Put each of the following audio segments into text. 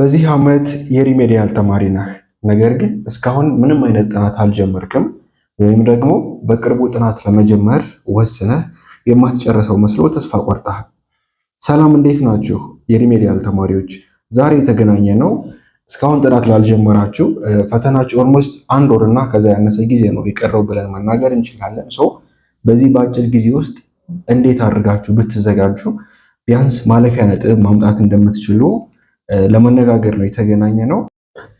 በዚህ ዓመት የሪሜዲያል ተማሪ ነህ፣ ነገር ግን እስካሁን ምንም አይነት ጥናት አልጀመርክም ወይም ደግሞ በቅርቡ ጥናት ለመጀመር ወስነህ የማትጨርሰው መስሎ ተስፋ ቆርጠሃል። ሰላም እንዴት ናችሁ የሪሜዲያል ተማሪዎች? ዛሬ የተገናኘ ነው እስካሁን ጥናት ላልጀመራችሁ ፈተናችሁ ኦልሞስት አንድ ወር እና ከዛ ያነሰ ጊዜ ነው የቀረው ብለን መናገር እንችላለን። ሰው በዚህ በአጭር ጊዜ ውስጥ እንዴት አድርጋችሁ ብትዘጋጁ ቢያንስ ማለፊያ ነጥብ ማምጣት እንደምትችሉ ለመነጋገር ነው የተገናኘ ነው።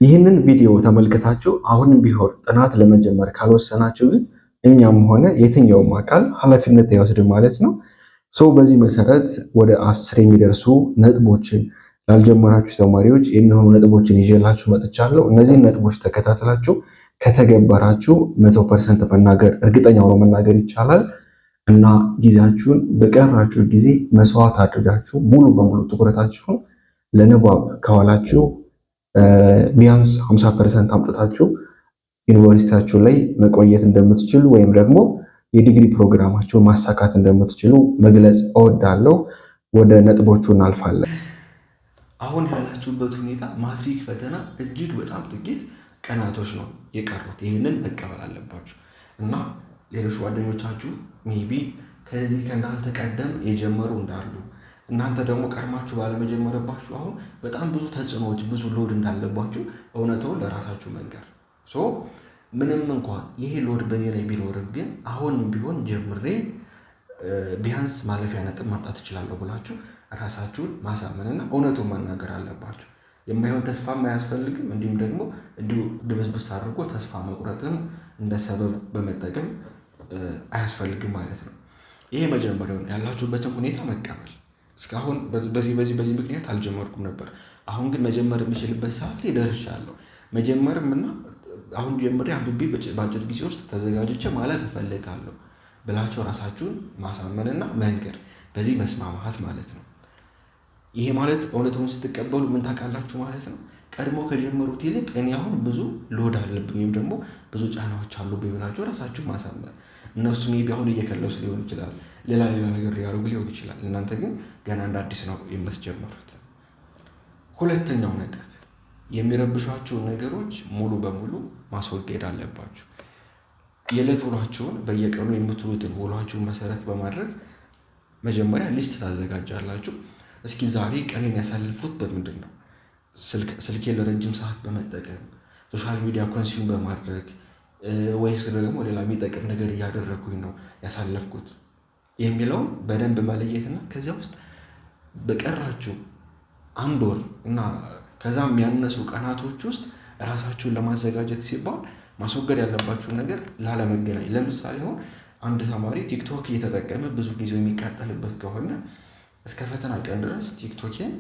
ይህንን ቪዲዮ ተመልክታችሁ አሁንም ቢሆን ጥናት ለመጀመር ካልወሰናችሁ ግን እኛም ሆነ የትኛውም አካል ኃላፊነት ያወስድ ማለት ነው። ሰው በዚህ መሰረት ወደ አስር የሚደርሱ ነጥቦችን ላልጀመራችሁ ተማሪዎች የሚሆኑ ነጥቦችን ይዤላችሁ መጥቻለሁ። እነዚህን ነጥቦች ተከታትላችሁ ከተገበራችሁ መቶ ፐርሰንት መናገር እርግጠኛ ሆኖ መናገር ይቻላል እና ጊዜያችሁን በቀራችሁ ጊዜ መስዋዕት አድርጋችሁ ሙሉ በሙሉ ትኩረታችሁን ለንባብ ከኋላችሁ ቢያንስ 50 ፐርሰንት አምጥታችሁ ዩኒቨርሲቲያችሁ ላይ መቆየት እንደምትችሉ ወይም ደግሞ የዲግሪ ፕሮግራማችሁን ማሳካት እንደምትችሉ መግለጽ እወዳለሁ። ወደ ነጥቦቹ እናልፋለን። አሁን ያላችሁበት ሁኔታ ማትሪክ ፈተና እጅግ በጣም ጥቂት ቀናቶች ነው የቀሩት። ይህንን መቀበል አለባችሁ እና ሌሎች ጓደኞቻችሁ ሜይ ቢ ከዚህ ከእናንተ ቀደም የጀመሩ እንዳሉ እናንተ ደግሞ ቀድማችሁ ባለመጀመረባችሁ አሁን በጣም ብዙ ተጽዕኖዎች፣ ብዙ ሎድ እንዳለባችሁ እውነተውን ለራሳችሁ መንገር ምንም እንኳን ይሄ ሎድ በእኔ ላይ ቢኖርም ግን አሁን ቢሆን ጀምሬ ቢያንስ ማለፊያ ነጥብ ማምጣት እችላለሁ ብላችሁ ራሳችሁን ማሳመንና እውነቱን መናገር አለባችሁ። የማይሆን ተስፋም አያስፈልግም። እንዲሁም ደግሞ እንዲሁ ድብስብስ አድርጎ ተስፋ መቁረጥን እንደ ሰበብ በመጠቀም አያስፈልግም ማለት ነው። ይሄ መጀመሪያው ያላችሁበትን ሁኔታ መቀበል እስካሁን በዚህ በዚህ በዚህ ምክንያት አልጀመርኩም ነበር። አሁን ግን መጀመር የምችልበት ሰዓት ላይ ደርሻለሁ። መጀመርም እና አሁን ጀምሬ አንብቤ በአጭር ጊዜ ውስጥ ተዘጋጅቼ ማለፍ እፈልጋለሁ ብላቸው ራሳችሁን ማሳመንና መንገር በዚህ መስማማት ማለት ነው። ይሄ ማለት እውነቱን ስትቀበሉ ምን ታውቃላችሁ ማለት ነው። ቀድሞ ከጀመሩት ይልቅ እኔ አሁን ብዙ ሎድ አለብኝ ወይም ደግሞ ብዙ ጫናዎች አሉብኝ ብላችሁ ራሳችሁ ማሳመር። እነሱ ሜቢ አሁን እየከለሱ ሊሆን ይችላል፣ ሌላ ሌላ ነገር ሊያደርጉ ሊሆን ይችላል። እናንተ ግን ገና እንደ አዲስ ነው የምትጀምሩት። ሁለተኛው ነጥብ የሚረብሿቸውን ነገሮች ሙሉ በሙሉ ማስወገድ አለባችሁ። የዕለት ውሏችሁን በየቀኑ የምትሉትን ውሏችሁን መሰረት በማድረግ መጀመሪያ ሊስት ታዘጋጃላችሁ። እስኪ ዛሬ ቀኔን ያሳልፉት በምንድን ነው? ስልኬ ለረጅም ሰዓት በመጠቀም ሶሻል ሚዲያ ኮንሱም በማድረግ ወይስ ደግሞ ሌላ የሚጠቅም ነገር እያደረግኩኝ ነው ያሳለፍኩት የሚለውን በደንብ መለየትና ከዚያ ውስጥ በቀራችሁ አንድ ወር እና ከዛም ያነሱ ቀናቶች ውስጥ እራሳችሁን ለማዘጋጀት ሲባል ማስወገድ ያለባችሁን ነገር ላለመገናኝ። ለምሳሌ አሁን አንድ ተማሪ ቲክቶክ እየተጠቀመ ብዙ ጊዜ የሚቃጠልበት ከሆነ እስከ ፈተና ቀን ድረስ ቲክቶኬን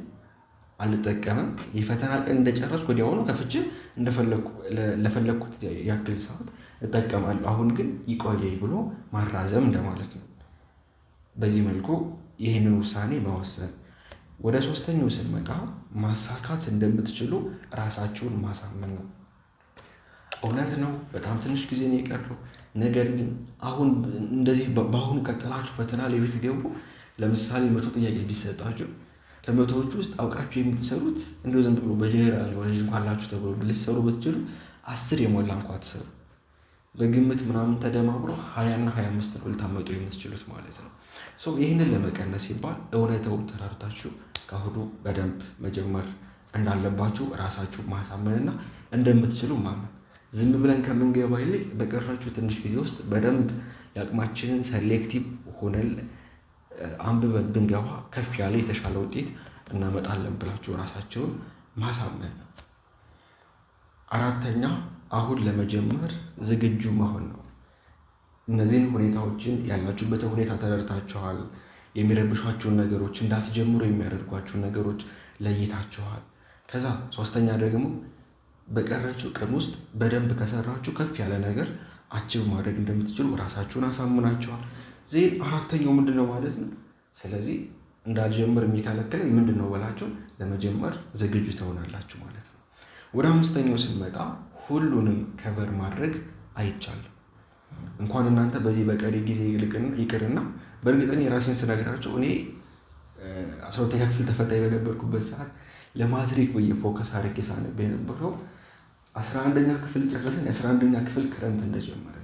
አልጠቀምም። የፈተና ቀን እንደጨረስኩ ወዲያውኑ ከፍቼ ለፈለግኩት ያክል ሰዓት እጠቀማለሁ። አሁን ግን ይቆየኝ ብሎ ማራዘም እንደማለት ነው። በዚህ መልኩ ይህንን ውሳኔ መወሰን። ወደ ሶስተኛው ስንመጣ ማሳካት እንደምትችሉ ራሳችሁን ማሳመን ነው። እውነት ነው፣ በጣም ትንሽ ጊዜ ነው የቀረው። ነገር ግን አሁን እንደዚህ በአሁኑ ቀጥላችሁ ፈተና ላይ ብትገቡ ለምሳሌ መቶ ጥያቄ ቢሰጣችሁ ከመቶዎቹ ውስጥ አውቃችሁ የምትሰሩት እንደው ዝም ብሎ በጀኔራል የሆነ እንኳላችሁ ተብሎ ልትሰሩ ብትችሉ አስር የሞላ እንኳ ትሰሩ በግምት ምናምን ተደማምሮ ሀያና ሀያ አምስት ነው ልታመጡ የምትችሉት ማለት ነው። ይህንን ለመቀነስ ሲባል እውነተው ተራርታችሁ ከአሁኑ በደንብ መጀመር እንዳለባችሁ ራሳችሁ ማሳመንና እንደምትችሉ ማመን። ዝም ብለን ከምንገባ ይልቅ በቀራችሁ ትንሽ ጊዜ ውስጥ በደንብ የአቅማችንን ሰሌክቲቭ ሆነን አንብበን ብንገባ ከፍ ያለ የተሻለ ውጤት እናመጣለን ብላችሁ ራሳቸውን ማሳመን ነው። አራተኛ አሁን ለመጀመር ዝግጁ መሆን ነው። እነዚህን ሁኔታዎችን ያላችሁበትን ሁኔታ ተረድታችኋል። የሚረብሿቸውን ነገሮች፣ እንዳትጀምሩ የሚያደርጓችሁን ነገሮች ለይታችኋል። ከዛ ሶስተኛ ደግሞ በቀረችው ቀን ውስጥ በደንብ ከሰራችሁ ከፍ ያለ ነገር አችብ ማድረግ እንደምትችሉ ራሳችሁን አሳምናችኋል። ዜን አራተኛው ምንድን ነው ማለት ነው። ስለዚህ እንዳልጀምር የሚከለክለኝ ምንድን ነው ብላችሁ ለመጀመር ዝግጁ ትሆናላችሁ ማለት ነው። ወደ አምስተኛው ስንመጣ ሁሉንም ከቨር ማድረግ አይቻልም። እንኳን እናንተ በዚህ በቀሪ ጊዜ ይቅርና በእርግጠን የራሴን ስነግራቸው እኔ አስራ ሁለተኛ ክፍል ተፈታኝ በነበርኩበት ሰዓት ለማትሪክ ብዬ ፎከስ አድርጌ ሳነብ የነበረው አስራ አንደኛ ክፍል ጨረስን የአስራ አንደኛ ክፍል ክረምት እንደጀመረ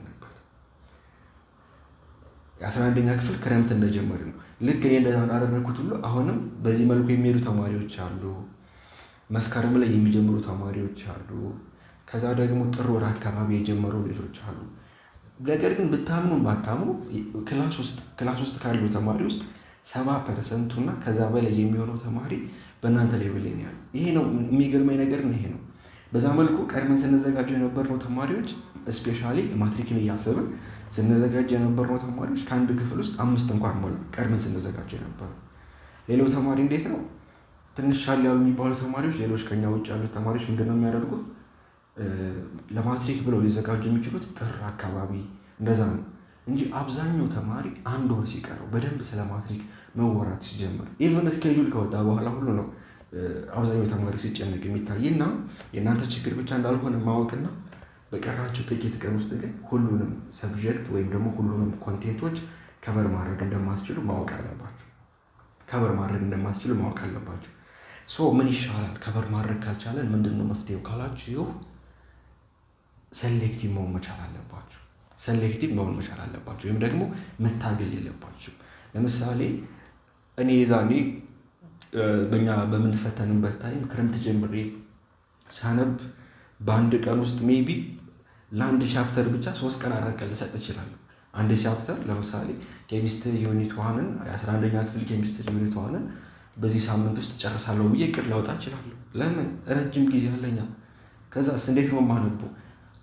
የ11ኛ ክፍል ክረምት እንደጀመር ነው። ልክ እኔ እንዳደረግኩት ሁሉ አሁንም በዚህ መልኩ የሚሄዱ ተማሪዎች አሉ። መስከረም ላይ የሚጀምሩ ተማሪዎች አሉ። ከዛ ደግሞ ጥር ወር አካባቢ የጀመሩ ልጆች አሉ። ነገር ግን ብታምኑ ባታምኑ ክላስ ውስጥ ካሉ ተማሪ ውስጥ ሰባ ፐርሰንቱ እና ከዛ በላይ የሚሆነው ተማሪ በእናንተ ላይ ብሌን ይሄ ነው የሚገርመኝ ነገር ይሄ ነው። በዛ መልኩ ቀድመን ስንዘጋጀ የነበርነው ተማሪዎች ስፔሻሊ ማትሪክን እያሰብን ስንዘጋጀ የነበርነው ተማሪዎች ከአንድ ክፍል ውስጥ አምስት እንኳን ሞላ ቀድመን ስንዘጋጀ ነበር። ሌላው ተማሪ እንዴት ነው ትንሽ ሻል ያሉ የሚባሉ ተማሪዎች፣ ሌሎች ከኛ ውጭ ያሉት ተማሪዎች ምንድን ነው የሚያደርጉት? ለማትሪክ ብለው ሊዘጋጁ የሚችሉት ጥር አካባቢ እንደዛ ነው እንጂ አብዛኛው ተማሪ አንድ ወር ሲቀረው በደንብ ስለ ማትሪክ መወራት ሲጀምር ኢቨን ስኬጁል ከወጣ በኋላ ሁሉ ነው አብዛኛው ተማሪ ሲጨነቅ የሚታይና የእናንተ ችግር ብቻ እንዳልሆነ ማወቅና በቀራችሁ ጥቂት ቀን ውስጥ ግን ሁሉንም ሰብጀክት ወይም ደግሞ ሁሉንም ኮንቴንቶች ከበር ማድረግ እንደማትችሉ ማወቅ አለባችሁ። ከበር ማድረግ እንደማትችሉ ማወቅ አለባችሁ። ሶ ምን ይሻላል? ከበር ማድረግ ካልቻለን ምንድን ነው መፍትሄው ካላችሁ ሰሌክቲቭ መሆን መቻል አለባችሁ። ሰሌክቲቭ መሆን መቻል አለባችሁ፣ ወይም ደግሞ መታገል የለባችሁ። ለምሳሌ እኔ ዛኔ በእኛ በምንፈተንበት ታይም ክረምት ጀምሬ ሳነብ በአንድ ቀን ውስጥ ሜቢ ለአንድ ቻፕተር ብቻ ሶስት ቀን አራት ቀን ልሰጥ እችላለሁ። አንድ ቻፕተር ለምሳሌ ኬሚስትሪ ዩኒት ዋንን የአስራ አንደኛ ክፍል ኬሚስትሪ ዩኒት ዋንን በዚህ ሳምንት ውስጥ ጨርሳለሁ ብዬ ቅድ ላውጣ እችላለሁ። ለምን ረጅም ጊዜ አለኛ። ከዛ እንዴት ነው የማነበው?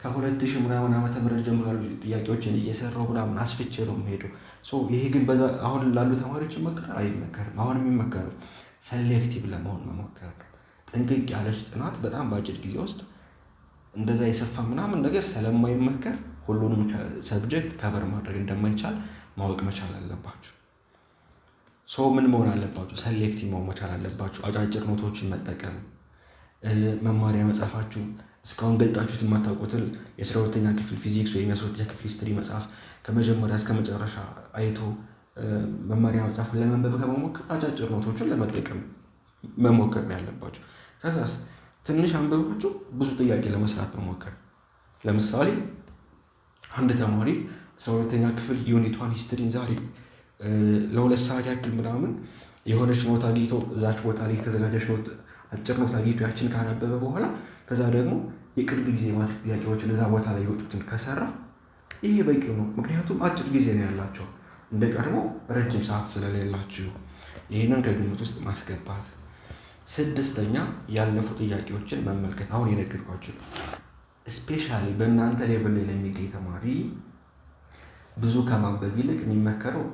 ከሁለት ሺህ ምናምን ዓመተ ምህረት ጀምሮ ያሉ ጥያቄዎችን እየሰራው ምናምን አስፍቼ ነው የምሄደው። ይሄ ግን አሁን ላሉ ተማሪዎች ይመከራል? አይመከርም። አሁን የሚመከረው ሰሌክቲቭ ለመሆን መሞከር ነው። ጥንቅቅ ያለች ጥናት በጣም በአጭር ጊዜ ውስጥ እንደዛ የሰፋ ምናምን ነገር ስለማይመከር ሁሉንም ሰብጀክት ከበር ማድረግ እንደማይቻል ማወቅ መቻል አለባቸው። ሰው ምን መሆን አለባቸው? ሰሌክቲቭ መሆን መቻል አለባቸው። አጫጭር ኖቶችን መጠቀም መማሪያ መጽሐፋችሁ እስካሁን ገልጣችሁት የማታውቁትን የአስራ ሁለተኛ ክፍል ፊዚክስ ወይም የአስራ ክፍል ሂስትሪ መጽሐፍ ከመጀመሪያ እስከ መጨረሻ አይቶ መመሪያ መጽሐፍን ለመንበብ ከመሞከር አጫጭር ኖቶችን ለመጠቀም መሞከር ነው ያለባቸው። ከዛስ ትንሽ አንብባችሁ ብዙ ጥያቄ ለመስራት መሞከር። ለምሳሌ አንድ ተማሪ አስራ ሁለተኛ ክፍል ዩኒቷን ሂስትሪን ዛሬ ለሁለት ሰዓት ያክል ምናምን የሆነች ኖት አግኝቶ እዛች ቦታ ላይ የተዘጋጀች ኖት አጭር ኖት አግኝቶ ያችን ካነበበ በኋላ ከዛ ደግሞ የቅርብ ጊዜ ማትሪክ ጥያቄዎችን እዛ ቦታ ላይ የወጡትን ከሰራ ይሄ በቂ ነው። ምክንያቱም አጭር ጊዜ ነው ያላቸው እንደ ቀድሞ ረጅም ሰዓት ስለሌላችሁ ይህንን ከግምት ውስጥ ማስገባት። ስድስተኛ ያለፉ ጥያቄዎችን መመልከት። አሁን የነገርኳችሁ ስፔሻሊ በእናንተ ሌብል ላይ ለሚገኝ ተማሪ ብዙ ከማንበብ ይልቅ የሚመከረው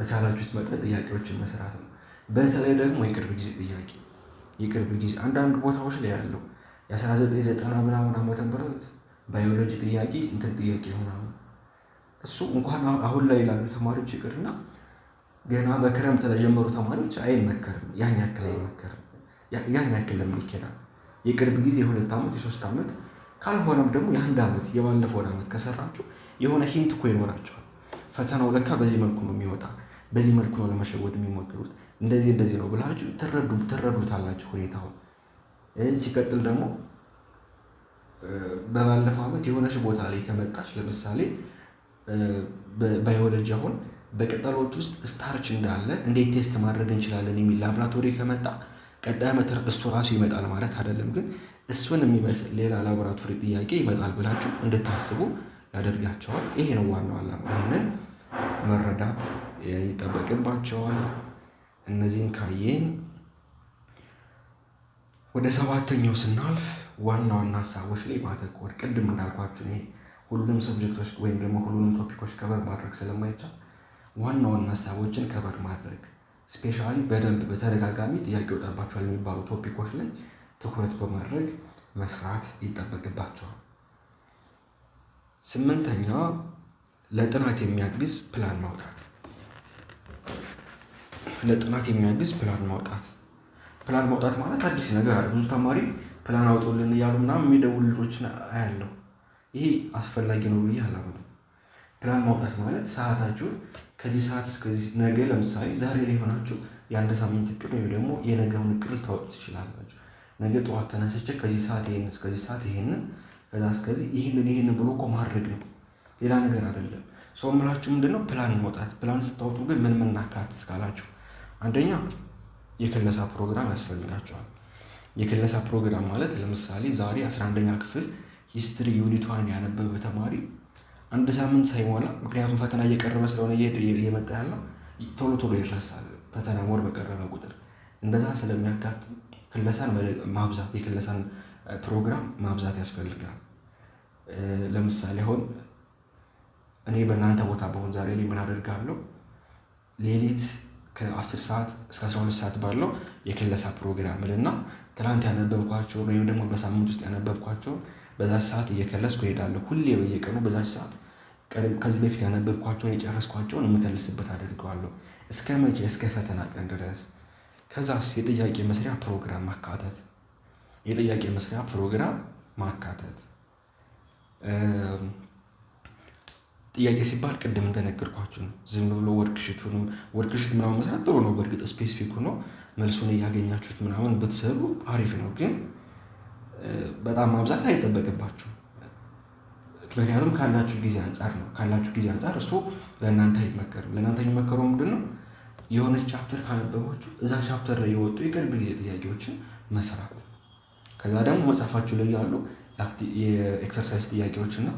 በቻላችሁት መጠን ጥያቄዎችን መስራት ነው። በተለይ ደግሞ የቅርብ ጊዜ ጥያቄ የቅርብ ጊዜ አንዳንድ ቦታዎች ላይ ያለው የ1990 ምናምን ዓመተ ምህረት ባዮሎጂ ጥያቄ እንትን ጥያቄ ምናምን እሱ እንኳን አሁን ላይ ላሉ ተማሪዎች ይቅርና ገና በክረምት ለጀመሩ ተማሪዎች አይመከርም። ያን ያክል አይመከርም። ያን ያክል ለምን ይኬዳል? የቅርብ ጊዜ የሁለት ዓመት የሶስት ዓመት ካልሆነም ደግሞ የአንድ ዓመት የባለፈውን ዓመት ከሰራችሁ የሆነ ሂንት እኮ ይኖራቸዋል። ፈተናው ለካ በዚህ መልኩ ነው የሚወጣ፣ በዚህ መልኩ ነው ለመሸወድ የሚሞክሩት፣ እንደዚህ እንደዚህ ነው ብላችሁ ትረዱ ትረዱታላችሁ ሁኔታውን ሲቀጥል ደግሞ በባለፈው ዓመት የሆነች ቦታ ላይ ከመጣች ለምሳሌ ባዮሎጂ አሁን በቅጠሎች ውስጥ ስታርች እንዳለ እንዴት ቴስት ማድረግ እንችላለን የሚል ላብራቶሪ ከመጣ ቀጣይ ዓመት እሱ ራሱ ይመጣል ማለት አይደለም፣ ግን እሱን የሚመስል ሌላ ላቦራቶሪ ጥያቄ ይመጣል ብላችሁ እንድታስቡ ያደርጋቸዋል። ይሄ ነው ዋናው ዓላማ። ይህንን መረዳት ይጠበቅባቸዋል። እነዚህን ካየን ወደ ሰባተኛው ስናልፍ ዋና ዋና ሀሳቦች ላይ ማተኮር ቅድም እንዳልኳችሁ ይሄ ሁሉንም ሰብጀክቶች ወይም ደግሞ ሁሉንም ቶፒኮች ከበር ማድረግ ስለማይቻል ዋና ዋና ሀሳቦችን ከበር ማድረግ ስፔሻሊ በደንብ በተደጋጋሚ ጥያቄ ወጣባቸዋል የሚባሉ ቶፒኮች ላይ ትኩረት በማድረግ መስራት ይጠበቅባቸዋል። ስምንተኛ ለጥናት የሚያግዝ ፕላን ማውጣት ለጥናት የሚያግዝ ፕላን ማውጣት ፕላን ማውጣት ማለት አዲስ ነገር አለ። ብዙ ተማሪ ፕላን አውጡልን እያሉ ምናምን የሚደውሉ ልጆችን አያለው። ይሄ አስፈላጊ ነው ብዬ አላምንም። ፕላን ማውጣት ማለት ሰዓታችሁ ከዚህ ሰዓት እስከዚህ ነገ፣ ለምሳሌ ዛሬ ላይ የሆናችሁ የአንድ ሳምንት እቅድ ወይም ደግሞ የነገውን እቅድ ልታወጡ ትችላላችሁ። ነገ ጠዋት ተነስቼ ከዚህ ሰዓት ይሄንን እስከዚህ ሰዓት ይሄንን ከዛ እስከዚህ ይህንን ይህንን ብሎ እኮ ማድረግ ነው፣ ሌላ ነገር አይደለም። ሰው ምላችሁ ምንድነው ፕላን ማውጣት። ፕላን ስታወጡ ግን ምን ምን አካትት እስካላችሁ አንደኛ የክለሳ ፕሮግራም ያስፈልጋቸዋል። የክለሳ ፕሮግራም ማለት ለምሳሌ ዛሬ 11ኛ ክፍል ሂስትሪ ዩኒቷን ያነበበ ተማሪ አንድ ሳምንት ሳይሞላ ምክንያቱም ፈተና እየቀረበ ስለሆነ እየመጣ ያለው ቶሎ ቶሎ ይረሳል። ፈተና ወር በቀረበ ቁጥር እንደዛ ስለሚያጋጥም ክለሳን ማብዛት የክለሳን ፕሮግራም ማብዛት ያስፈልጋል። ለምሳሌ አሁን እኔ በእናንተ ቦታ በሆን ዛሬ ላይ ምን አደርጋለሁ ሌሊት ከ10 ሰዓት እስከ 12 ሰዓት ባለው የክለሳ ፕሮግራም እና ትላንት ያነበብኳቸው ወይም ደግሞ በሳምንት ውስጥ ያነበብኳቸው በዛ ሰዓት እየከለስኩ እሄዳለሁ። ሁሌ በየቀኑ በዛ ሰዓት ከዚህ በፊት ያነበብኳቸውን የጨረስኳቸውን የምከልስበት አድርገዋለሁ። እስከ መቼ? እስከ ፈተና ቀን ድረስ። ከዛስ የጥያቄ መስሪያ ፕሮግራም ማካተት የጥያቄ መስሪያ ፕሮግራም ማካተት ጥያቄ ሲባል ቅድም እንደነገርኳችሁ ነው። ዝም ብሎ ወርክሽት ሆኖም ወርክሽት ምናምን መስራት ጥሩ ነው። በእርግጥ ስፔሲፊክ ሆኖ መልሱን እያገኛችሁት ምናምን ብትሰሩ አሪፍ ነው፣ ግን በጣም ማብዛት አይጠበቅባችሁ። ምክንያቱም ካላችሁ ጊዜ አንጻር ነው። ካላችሁ ጊዜ አንጻር እሱ ለእናንተ አይመከርም። ለእናንተ የሚመከረው ምንድን ነው? የሆነች ቻፕተር ካነበባችሁ እዛ ቻፕተር ላይ የወጡ የቅርብ ጊዜ ጥያቄዎችን መስራት፣ ከዛ ደግሞ መጽሐፋችሁ ላይ ያሉ የኤክሰርሳይዝ ጥያቄዎችና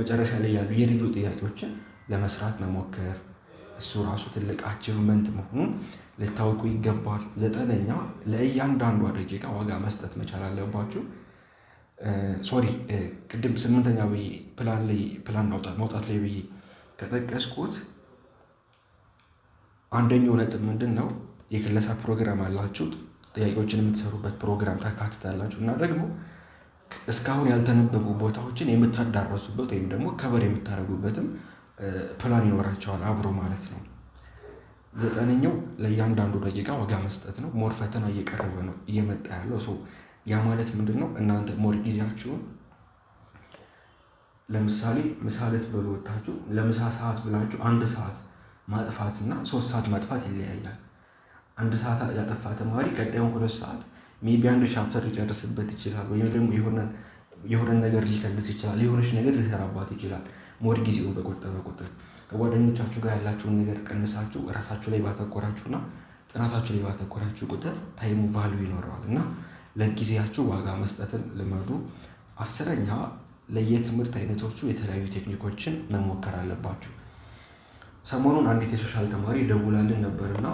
መጨረሻ ላይ ያሉ የልዩ ጥያቄዎችን ለመስራት መሞከር እሱ ራሱ ትልቅ አቺቭመንት መሆኑን ልታውቁ ይገባል። ዘጠነኛ ለእያንዳንዷ ደቂቃ ዋጋ መስጠት መቻል አለባችሁ። ሶሪ ቅድም ስምንተኛ ብዬ ፕላን ላይ ፕላን መውጣት ላይ ብዬ ከጠቀስኩት አንደኛው ነጥብ ምንድን ነው? የክለሳ ፕሮግራም አላችሁ፣ ጥያቄዎችን የምትሰሩበት ፕሮግራም ተካትታላችሁ እና ደግሞ እስካሁን ያልተነበቡ ቦታዎችን የምታዳረሱበት ወይም ደግሞ ከበር የምታደርጉበትም ፕላን ይኖራቸዋል አብሮ ማለት ነው። ዘጠነኛው ለእያንዳንዱ ደቂቃ ዋጋ መስጠት ነው። ሞር ፈተና እየቀረበ ነው እየመጣ ያለው ሰው። ያ ማለት ምንድን ነው? እናንተ ሞር ጊዜያችሁን ለምሳሌ ምሳ ልትበሉ ወጥታችሁ ለምሳ ሰዓት ብላችሁ አንድ ሰዓት ማጥፋት እና ሶስት ሰዓት ማጥፋት ይለያያል። አንድ ሰዓት ያጠፋ ተማሪ ቀጣዩን ሁለት ሰዓት ሜቢ አንድ ቻፕተር ሊጨርስበት ይችላል፣ ወይም ደግሞ የሆነ ነገር ሊከልስ ይችላል፣ የሆነች ነገር ሊሰራባት ይችላል። ሞድ ጊዜውን በቆጠበ ቁጥር ከጓደኞቻችሁ ጋር ያላችሁን ነገር ቀንሳችሁ እራሳችሁ ላይ እና ጥናታችሁ ላይ ባተኮራችሁ ቁጥር ታይሙ ቫሉ ይኖረዋል እና ለጊዜያችሁ ዋጋ መስጠትን ልመዱ። አስረኛ ለየትምህርት አይነቶቹ የተለያዩ ቴክኒኮችን መሞከር አለባችሁ። ሰሞኑን አንዲት የሶሻል ተማሪ ደውላልን ነበርና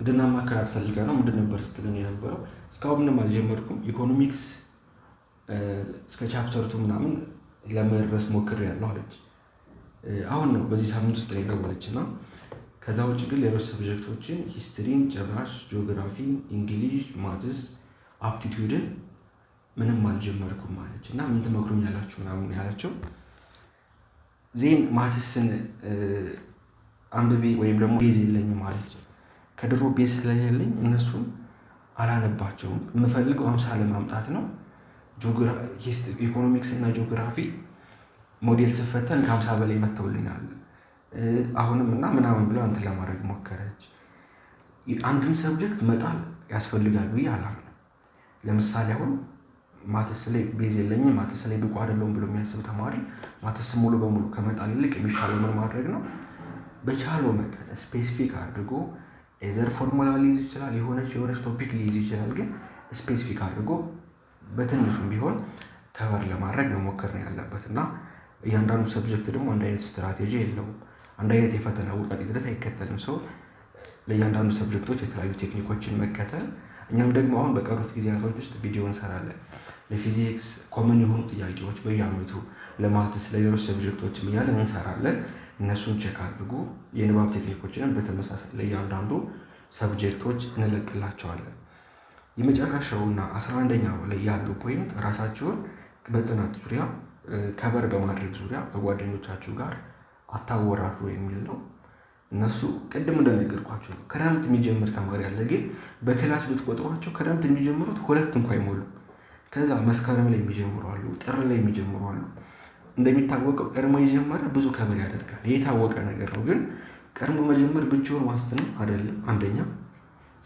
እንድናማከራት ፈልጋ ነው። ምንድን ነበር ስትለኝ የነበረው? እስካሁን ምንም አልጀመርኩም። ኢኮኖሚክስ እስከ ቻፕተርቱ ምናምን ለመድረስ ሞክር ያለው አለች። አሁን ነው በዚህ ሳምንት ውስጥ ላይ ደወለች እና ከዛ ውጭ ግን ሌሎች ሰብጀክቶችን ሂስትሪን፣ ጭራሽ ጂኦግራፊን፣ እንግሊዥ፣ ማትስ፣ አፕቲቱድን ምንም አልጀመርኩም አለች እና ምን ትመክሩኝ ያላችሁ ምናምን ያላቸው ዜን ማትስን አንብቤ ወይም ደግሞ ቤዝ የለኝም አለች። ከድሮ ቤት ስለሌለኝ እነሱን አላነባቸውም። የምፈልገው አምሳ ለማምጣት ነው። ኢኮኖሚክስ እና ጂኦግራፊ ሞዴል ስፈተን ከአምሳ በላይ መተውልኛል አሁንም እና ምናምን ብለው አንተ ለማድረግ ሞከረች። አንድን ሰብጀክት መጣል ያስፈልጋል ብዬ አላምንም። ለምሳሌ አሁን ማተስ ላይ ቤዝ የለኝም ማትስ ላይ ብቁ አይደለሁም ብሎ የሚያስብ ተማሪ ማተስ ሙሉ በሙሉ ከመጣል ይልቅ የሚሻለው ምን ማድረግ ነው? በቻለው መጠን ስፔሲፊክ አድርጎ የዘር ፎርሙላ ሊይዝ ይችላል። የሆነች የሆነች ቶፒክ ሊይዝ ይችላል። ግን ስፔሲፊክ አድርጎ በትንሹም ቢሆን ከበር ለማድረግ መሞከር ነው ያለበት እና እያንዳንዱ ሰብጀክት ደግሞ አንድ አይነት ስትራቴጂ የለውም። አንድ አይነት የፈተና ውጣት ሂደት አይከተልም። ሰው ለእያንዳንዱ ሰብጀክቶች የተለያዩ ቴክኒኮችን መከተል እኛም ደግሞ አሁን በቀሩት ጊዜያቶች ውስጥ ቪዲዮ እንሰራለን። ለፊዚክስ ኮመን የሆኑ ጥያቄዎች በየአመቱ ለማትስ፣ ለሌሎች ሰብጀክቶችም እያለን እንሰራለን። እነሱን ቼክ አድርጉ። የንባብ ቴክኒኮችንም በተመሳሳይ ለእያንዳንዱ ሰብጀክቶች እንለቅላቸዋለን። የመጨረሻውና አስራ አንደኛው ላይ ያሉ ፖይንት ራሳችሁን በጥናት ዙሪያ ከበር በማድረግ ዙሪያ ከጓደኞቻችሁ ጋር አታወራሩ የሚል ነው። እነሱ ቅድም እንደነገርኳቸው ነው። ክረምት የሚጀምር ተማሪ አለ፣ ግን በክላስ ብትቆጥሯቸው ክረምት የሚጀምሩት ሁለት እንኳ አይሞሉም። ከዛ መስከረም ላይ የሚጀምሩ አሉ፣ ጥር ላይ የሚጀምሩ አሉ። እንደሚታወቀው ቀድሞ የጀመረ ብዙ ከበር ያደርጋል። የታወቀ ነገር ነው። ግን ቀድሞ መጀመር ብቻውን ዋስትና አይደለም። አንደኛ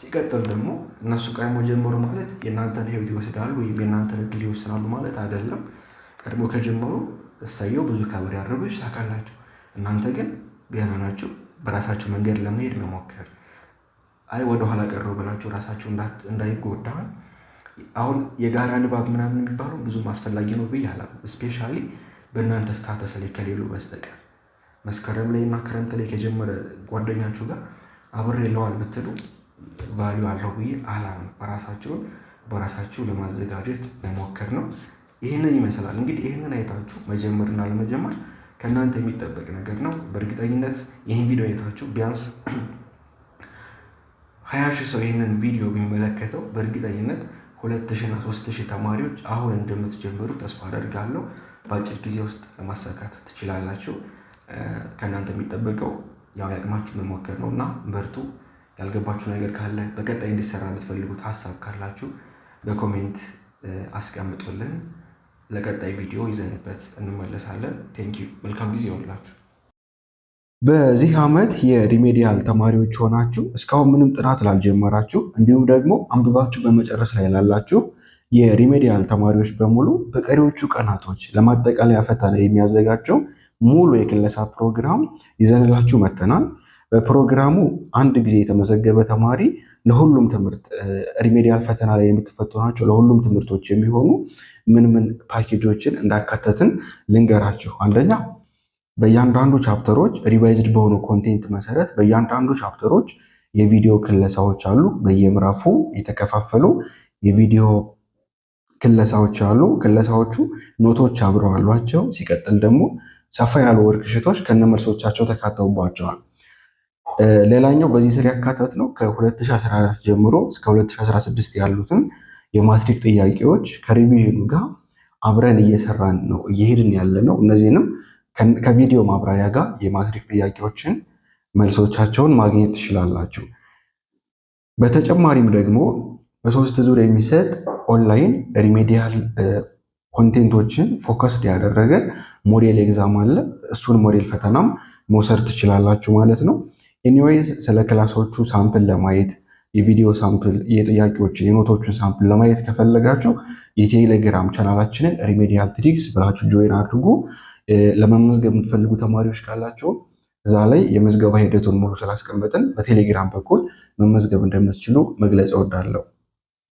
ሲቀጥል ደግሞ እነሱ ቀድሞ ጀመሩ ማለት የእናንተን ህይወት ይወስዳሉ ወይም የእናንተን እድል ይወስናሉ ማለት አይደለም። ቀድሞ ከጀመሩ እሰየው፣ ብዙ ከበር ያደርጉ ይሳካላቸው። እናንተ ግን ገና ናችሁ። በራሳችሁ መንገድ ለመሄድ መሞከር፣ አይ ወደኋላ ቀረ ብላችሁ ራሳችሁ እንዳይጎዳ አሁን የጋራ ንባብ ምናምን የሚባለው ብዙም አስፈላጊ ነው ብዬ አላም ስፔሻሊ በእናንተ ስታተስ ላይ ከሌሉ በስተቀር መስከረም ላይ እና ክረምት ላይ ከጀመረ ጓደኛችሁ ጋር አብሬ ለዋል ብትሉ ቫሊዩ አለው ብዬ አላምንም። በራሳችሁን በራሳችሁ ለማዘጋጀት መሞከር ነው። ይህንን ይመስላል እንግዲህ። ይህንን አይታችሁ መጀመርና ለመጀመር ከእናንተ የሚጠበቅ ነገር ነው። በእርግጠኝነት ይህን ቪዲዮ አይታችሁ ቢያንስ ሀያ ሺህ ሰው ይህንን ቪዲዮ ቢመለከተው በእርግጠኝነት ሁለት ሺህ እና ሶስት ሺህ ተማሪዎች አሁን እንደምትጀምሩ ተስፋ አደርጋለሁ። በአጭር ጊዜ ውስጥ ማሳካት ትችላላችሁ። ከእናንተ የሚጠበቀው ያው ያቅማችሁ መሞከር ነው እና በርቱ። ያልገባችሁ ነገር ካለ በቀጣይ እንዲሰራ የምትፈልጉት ሀሳብ ካላችሁ በኮሜንት አስቀምጡልን። ለቀጣይ ቪዲዮ ይዘንበት እንመለሳለን። ቴንኪዩ። መልካም ጊዜ ይሆንላችሁ። በዚህ ዓመት የሪሜዲያል ተማሪዎች ሆናችሁ እስካሁን ምንም ጥናት ላልጀመራችሁ እንዲሁም ደግሞ አንብባችሁ በመጨረስ ላይ ላላችሁ የሪሜዲያል ተማሪዎች በሙሉ በቀሪዎቹ ቀናቶች ለማጠቃለያ ፈተና የሚያዘጋጀው ሙሉ የክለሳ ፕሮግራም ይዘንላችሁ መተናል። በፕሮግራሙ አንድ ጊዜ የተመዘገበ ተማሪ ለሁሉም ትምህርት ሪሜዲያል ፈተና ላይ የምትፈተኗቸው ለሁሉም ትምህርቶች የሚሆኑ ምን ምን ፓኬጆችን እንዳካተትን ልንገራችሁ። አንደኛ በእያንዳንዱ ቻፕተሮች ሪቫይዝድ በሆኑ ኮንቴንት መሰረት በእያንዳንዱ ቻፕተሮች የቪዲዮ ክለሳዎች አሉ። በየምዕራፉ የተከፋፈሉ የቪዲዮ ክለሳዎች አሉ። ክለሳዎቹ ኖቶች አብረው አሏቸው። ሲቀጥል ደግሞ ሰፋ ያሉ ወርክሽቶች ከነመልሶቻቸው ተካተውባቸዋል። ሌላኛው በዚህ ስር ያካተት ነው ከ2014 ጀምሮ እስከ 2016 ያሉትን የማትሪክ ጥያቄዎች ከሪቪዥኑ ጋር አብረን እየሰራን ነው እየሄድን ያለ ነው። እነዚህንም ከቪዲዮ ማብራሪያ ጋር የማትሪክ ጥያቄዎችን መልሶቻቸውን ማግኘት ትችላላችሁ። በተጨማሪም ደግሞ በሶስት ዙር የሚሰጥ ኦንላይን ሪሜዲያል ኮንቴንቶችን ፎከስድ ያደረገ ሞዴል ኤግዛም አለ። እሱን ሞዴል ፈተናም መውሰድ ትችላላችሁ ማለት ነው። ኤኒዌይዝ ስለ ክላሶቹ ሳምፕል ለማየት የቪዲዮ ሳምፕል፣ የጥያቄዎችን የኖቶችን ሳምፕል ለማየት ከፈለጋችሁ የቴሌግራም ቻናላችንን ሪሜዲያል ትሪክስ ብላችሁ ጆይን አድርጉ። ለመመዝገብ የምትፈልጉ ተማሪዎች ካላቸው እዛ ላይ የመዝገባ ሂደቱን ሙሉ ስላስቀመጥን በቴሌግራም በኩል መመዝገብ እንደምትችሉ መግለጽ እወዳለሁ።